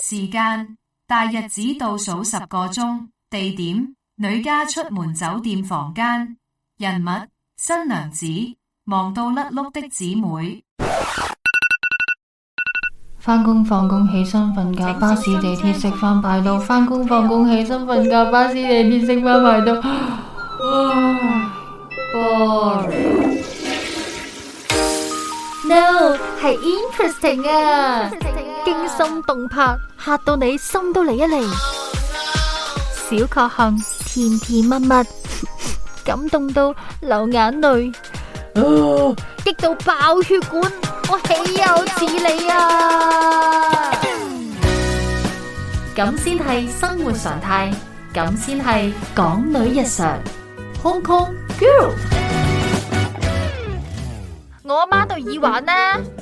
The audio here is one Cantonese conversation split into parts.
時間大日子倒數十個鐘，地點女家出門酒店房間，人物新娘子，忙到甩碌的姊妹。返工放工起身瞓覺，巴士地鐵食飯排隊。返工放工起身瞓覺，巴士地鐵食飯排隊。唉，boy。No，係 interesting 啊！驚心動魄，嚇到你心都嚟一嚟。小確幸，甜甜蜜蜜，感動到流眼淚，激到爆血管，我豈有此理啊！咁先係生活常態，咁先係港女日常，Hong Kong girl。我阿媽對耳環呢？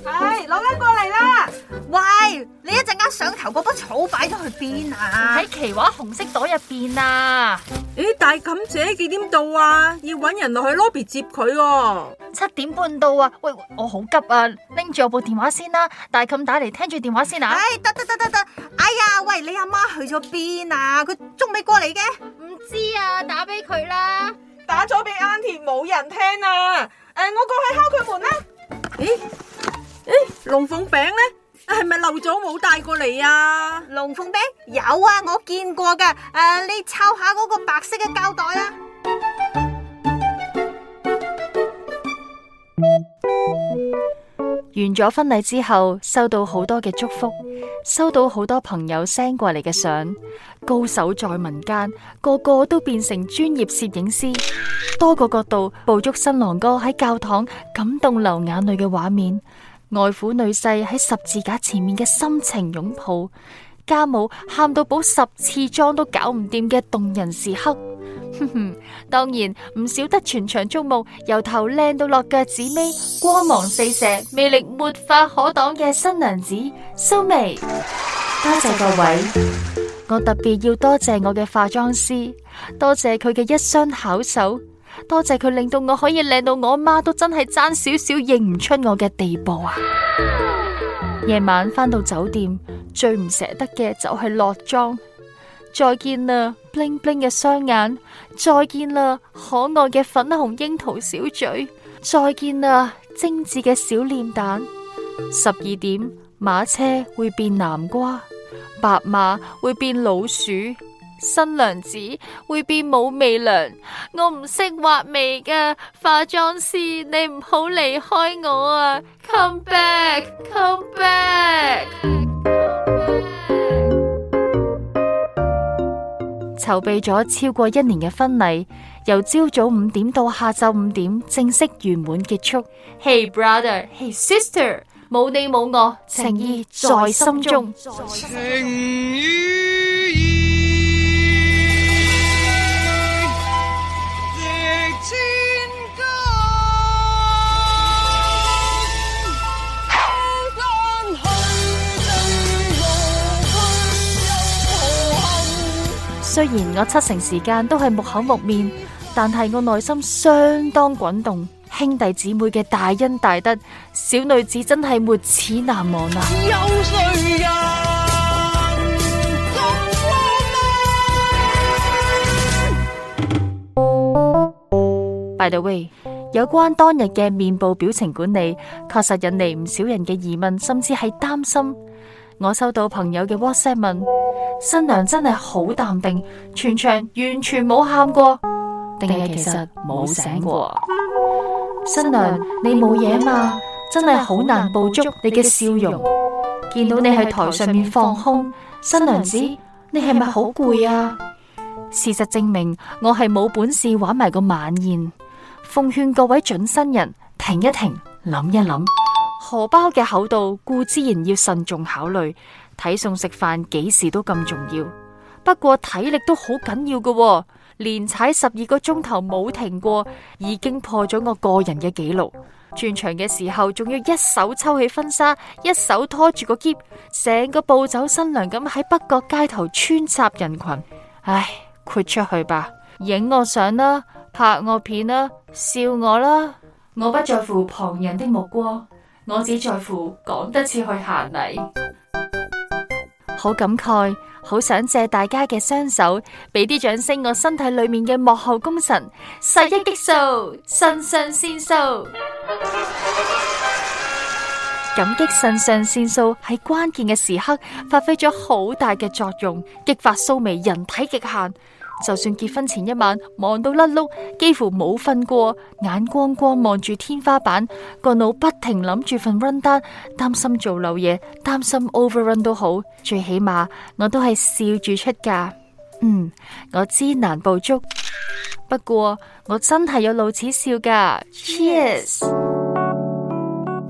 哎，攞緊過嚟啦！喂，你一陣間上頭嗰堆草擺咗去邊啊？喺奇華紅色袋入邊啊！誒、哎，大錦姐幾點到啊？要搵人落去 lobby 接佢、啊。七點半到啊！喂，我好急啊！拎住我部電話先啦，大錦打嚟聽住電話先啊！唉、啊哎，得得得得得！哎呀，喂，你阿媽去咗邊啊？佢仲未過嚟嘅，唔知啊，打俾佢啦。打咗俾 Auntie 冇人聽啊！誒，我過去敲佢門啦。咦、哎？誒、哎，龍鳳餅咧，係咪漏咗冇帶過嚟啊？龍鳳餅有啊，我見過噶。誒、啊，你湊下嗰個白色嘅膠袋啦。完咗婚禮之後，收到好多嘅祝福，收到好多朋友 send 過嚟嘅相。高手在民間，個個都變成專業攝影師，多個角度捕捉新郎哥喺教堂感動流眼淚嘅畫面，外父女婿喺十字架前面嘅深情擁抱，家母喊到補十次妝都搞唔掂嘅動人時刻。哼哼， 當然唔少得全場矚目，由頭靚到落腳趾尾，光芒四射，魅力沒法可擋，嘅新娘子蘇眉。多謝，謝各位，我特別要多謝我嘅化妝師，多謝佢嘅一雙巧手，多謝佢令到我可以靚到我媽都真係爭少少認唔出我嘅地步啊！夜 晚返到酒店，最唔捨得嘅就係落妝。再見啦，n g 嘅雙眼；再見啦，可愛嘅粉紅櫻桃小嘴；再見啦，精致嘅小臉蛋。十二點，馬車會變南瓜，白馬會變老鼠，新娘子會變冇媚娘。我唔識畫眉嘅化妝師，你唔好離開我啊！Come back，come back。Come back, come back 籌備咗超過一年嘅婚禮，由朝早五點到下晝五點，正式圓滿結束。Hey brother, hey sister，冇你冇我，情意在心中。在心中雖然我七成時間都係木口木面，但係我內心相當滾動。兄弟姊妹嘅大恩大德，小女子真係沒齒難忘啊！By the way，有關當日嘅面部表情管理，確實引嚟唔少人嘅疑問，甚至係擔心。我收到朋友嘅 WhatsApp 問。新娘真係好淡定，全場完全冇喊過，定係其實冇醒過。新娘，你冇嘢嘛？真係好難捕捉你嘅笑容。見到你喺台上面放空，新娘子，你係咪好攰啊？事實證明，我係冇本事玩埋個晚宴。奉勸各位準新人，停一停，諗一諗， 荷包嘅厚度，固之然要慎重考慮。睇餸食飯幾時都咁重要，不過體力都好緊要㗎喎，連踩十二個鐘頭冇停過，已經破咗我個人嘅紀錄。轉場嘅時候仲要一手抽起婚紗，一手拖住個篋，成個暴走新娘咁喺北角街頭穿插人群。唉，豁出去吧，影我相啦，拍我片啦，笑我啦，我不在乎旁人的目光，我只在乎趕得切去行禮。好感慨，好想借大家嘅雙手，俾啲掌聲我身體裏面嘅幕後功臣——十一激素、腎上腺素。感激腎上腺素喺關鍵嘅時刻發揮咗好大嘅作用，激發素微人體極限。就算結婚前一晚忙到甩碌，幾乎冇瞓過，眼光光望住天花板，個腦不停諗住份 rundown，擔心做漏嘢，擔心 overrun 都好，最起碼我都係笑住出嫁。嗯，我知難捕捉，不過我真係有露齒笑噶。Cheers！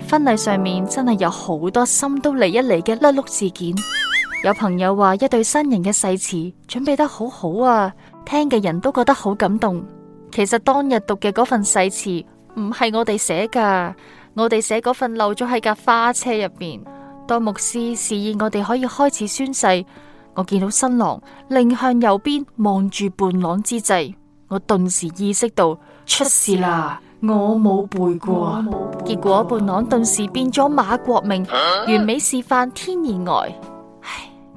婚禮上面真係有好多心都離一離嘅甩碌事件。有朋友話一對新人嘅誓詞準備得好好啊，聽嘅人都覺得好感動。其實當日讀嘅嗰份誓詞唔係我哋寫噶，我哋寫嗰份漏咗喺架花車入邊。當牧師示意我哋可以開始宣誓，我見到新郎另向右邊望住伴郎之際，我頓時意識到出事啦！我冇背過，背過，結果伴郎頓時變咗馬國明，啊，完美示範天然呆。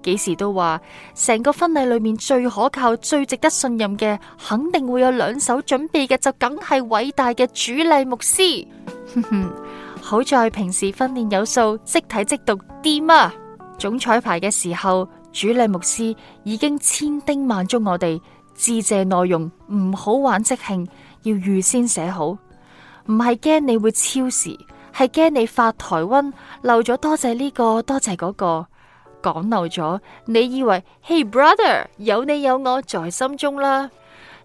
幾時都話，成個婚禮裏面最可靠、最值得信任嘅，肯定會有兩手準備嘅，就梗係偉大嘅主禮牧師。 好在平時訓練有素，即睇即讀掂啊！總彩排嘅時候，主禮牧師已經千叮萬囑我哋，致謝內容唔好玩即興，要預先寫好。唔係驚你會超時，係驚你發台瘟漏咗多謝呢個，多謝嗰個。講漏咗，你以為，Hey brother，有你有我在心中啦。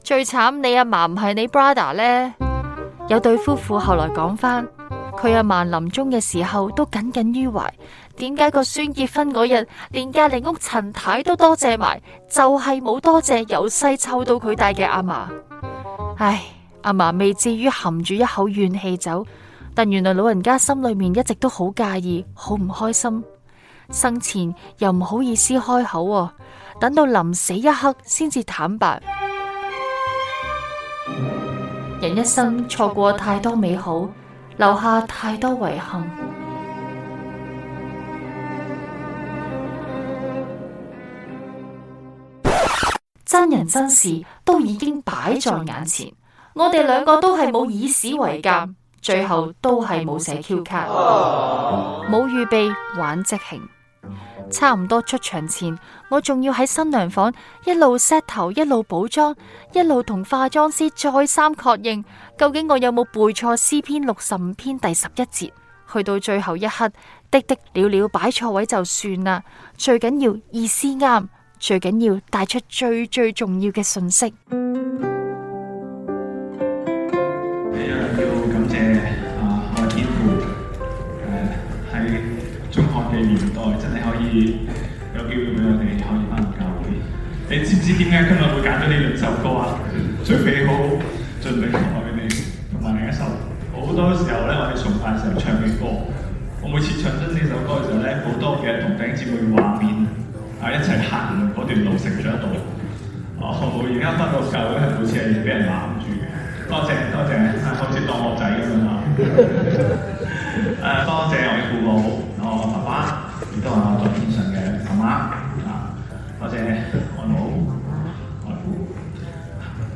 最慘你阿嫲唔係你 brother 咧。 有對夫婦後來講翻，佢阿嫲臨終嘅時候都耿耿於懷，點解個孫結婚嗰日連隔籬屋陳太都多謝埋，就係冇多謝由細湊到佢大嘅阿嫲。唉，阿嫲未至於含住一口怨氣走，但原來老人家心裏面一直都好介意，好唔開心。生前又唔好意思開口啊，等到臨死一刻先至坦白。 人一生錯過太多美好，留下太多遺憾。 真人真事都已經擺在眼前， 我哋兩個都係冇以史為鑑，最後都係冇寫 Q 卡，冇 預備，玩即興。差唔多出場前，我仲要喺新娘房一路 set 頭，一路補妝，一路同化妝師再三確認，究竟我有冇背錯詩篇六十五篇第十一節？去到最後一刻，的的了了擺錯位就算啦，最緊要意思啱，最緊要帶出最最重要嘅訊息。有機會俾我哋可以翻到教會。你知唔知點解今日會揀咗呢兩首歌啊？準備好，準備好俾我哋。同埋另一首。好多時候咧，我哋崇拜時候唱嘅歌，我每次唱親呢首歌嘅時候咧，好多嘅同頂姊妹嘅畫面啊，一齊行嗰段路成長一度。哦，而家翻到教會，每次係俾人攬住嘅。多謝多謝，啊、好似當我仔咁啊嘛。誒，多謝我嘅父母。好，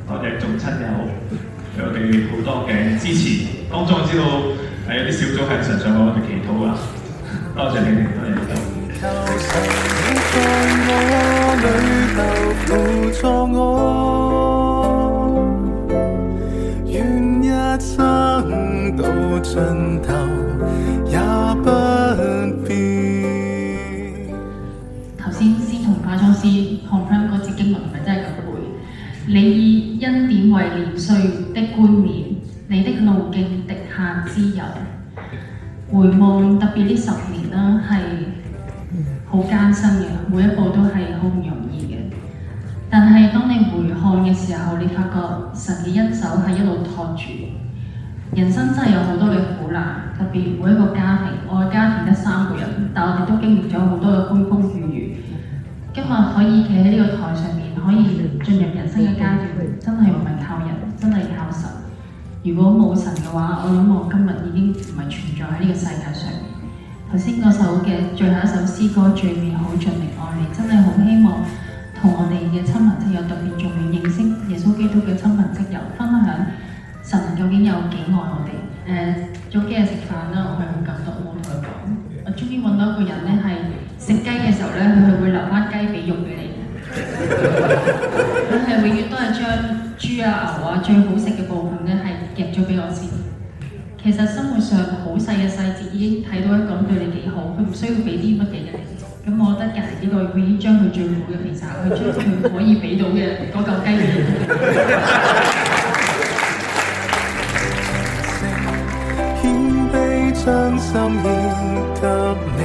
多謝眾親友俾我哋好多嘅支持。當中我知道係有啲小組喺神上面祈禱啊， 多謝你哋， 多謝你哋。c o 看翻嗰次經文係咪真係咁背？你以恩典為年歲的冠冕，你的路徑滴下脂油。回望特別呢十年啦，係好艱辛嘅，每一步都係好唔容易嘅。但係當你回看嘅時候，你發覺神嘅恩手係一路托住。人生真係有好多嘅苦難，特別每一個家庭。我嘅家庭得三個人，但我哋都經歷咗好多嘅希望可以企喺呢個台上面，可以進入人生嘅階段，真係唔係靠人，真係靠神。如果冇神嘅話，我諗我今日已經唔係存在喺呢個世界上面。頭先首嘅最後一首詩歌最美好盡力愛你，真係好希望同我哋嘅親朋戚友，特別仲未認識耶穌基督嘅親朋戚友，分享神究竟有幾愛我哋。誒、呃，早幾日食飯啦，我係好感動，我同佢講，我終於揾到一個人咧。咧佢會留翻雞髀肉俾你，佢係永遠都係將豬啊牛啊最好食嘅部分咧，係夾咗俾我先。其實生活上好細嘅細節已經睇到一個人對你幾好，佢唔需要俾啲乜嘅嘢，咁我覺得人呢個已經將佢最好嘅俾晒佢，將佢可以俾到嘅嗰嚿雞髀。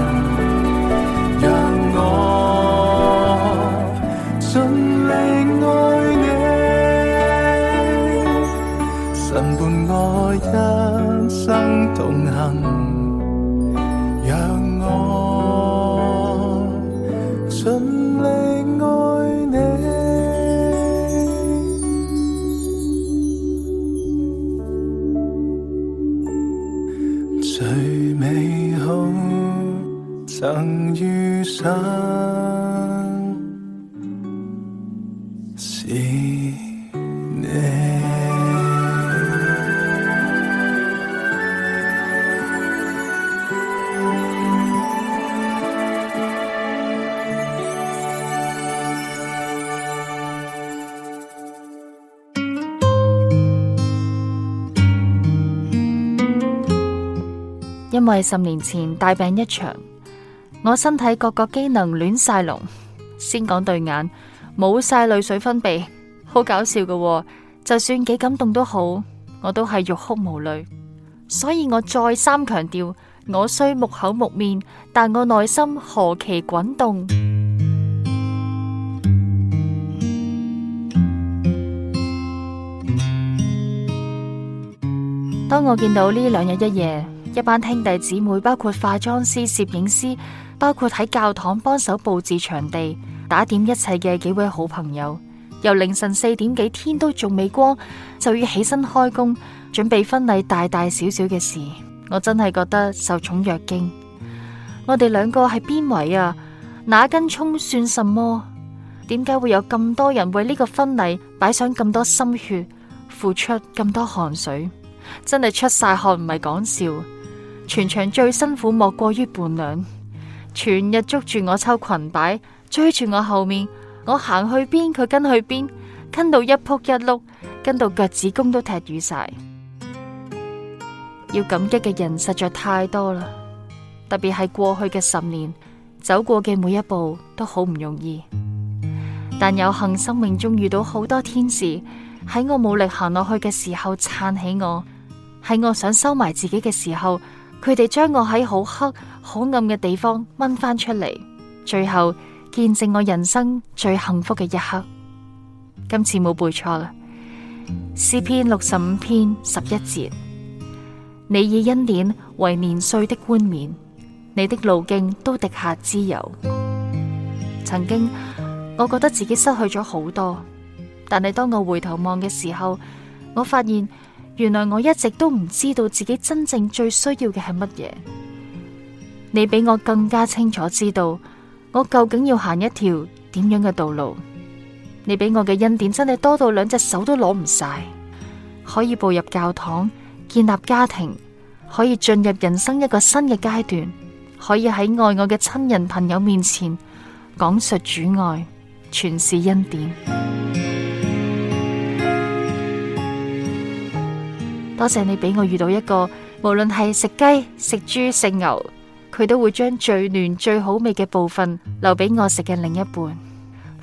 最美好，曾遇上。因為十年前大病一場，我身體各個機能亂曬龍，先講對眼冇晒淚水分泌，好搞笑㗎喎。就算幾感動都好，我都係欲哭無淚。所以我再三強調，我雖木口木面，但我內心何其滾動。當我見到呢兩日一夜。一班兄弟姊妹，包括化妝師、攝影師，包括喺教堂幫手布置場地、打點一切嘅幾位好朋友。由凌晨四點幾，天都仲未光，就要起身開工，準備婚禮大大小小嘅事。我真係覺得受寵若驚。我哋兩個係邊位啊？哪根蔥算什麼？點解會有咁多人為呢個婚禮擺上咁多心血，付出咁多汗水？真係出晒汗，唔係講笑。全場最辛苦莫過於伴娘，全日捉住我抽裙擺，追住我後面，我行去邊佢跟去邊，跟到一仆一碌，跟到腳趾公都踢瘀晒。要感激嘅人實在太多啦，特別係過去嘅十年，走過嘅每一步都好唔容易。但有幸生命中遇到好多天使，喺我冇力行落去嘅時候撐起我，喺我想收埋自己嘅時候。佢哋將我喺好黑、好暗嘅地方掹翻出嚟，最後見證我人生最幸福嘅一刻。今次冇背錯啦，《詩篇》六十五篇十一節：你以恩典為年歲的冠冕，你的路徑都滴下脂油。曾經我覺得自己失去咗好多，但係當我回頭望嘅時候，我發現。原來我一直都唔知道自己真正最需要嘅係乜嘢，你比我更加清楚知道我究竟要行一條點樣嘅道路。你俾我嘅恩典真係多到兩隻手都攞唔晒，可以步入教堂，建立家庭，可以進入人生一個新嘅階段，可以喺愛我嘅親人朋友面前講述主愛，全是恩典。多謝你俾我遇到一個，無論係食雞、食豬、食牛，佢都會將最嫩、最好味嘅部分留俾我食嘅另一半。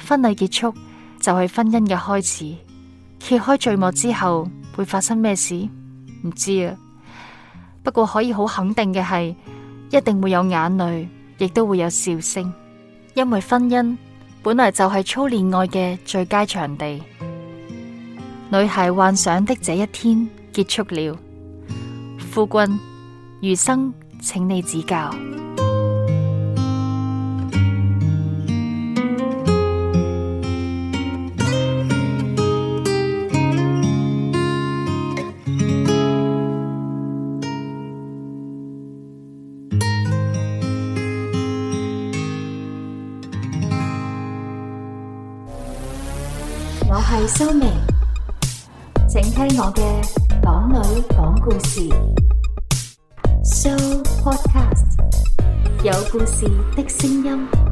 婚禮結束就係婚姻嘅開始，揭開序幕之後會發生咩事唔知啊，不過可以好肯定嘅係，一定會有眼淚，亦都會有笑聲，因為婚姻本來就係操戀愛嘅最佳場地。女孩幻想的這一天，結束了，夫君，餘生請你指教。我係 Soulmate，請聽我嘅。故事的聲音。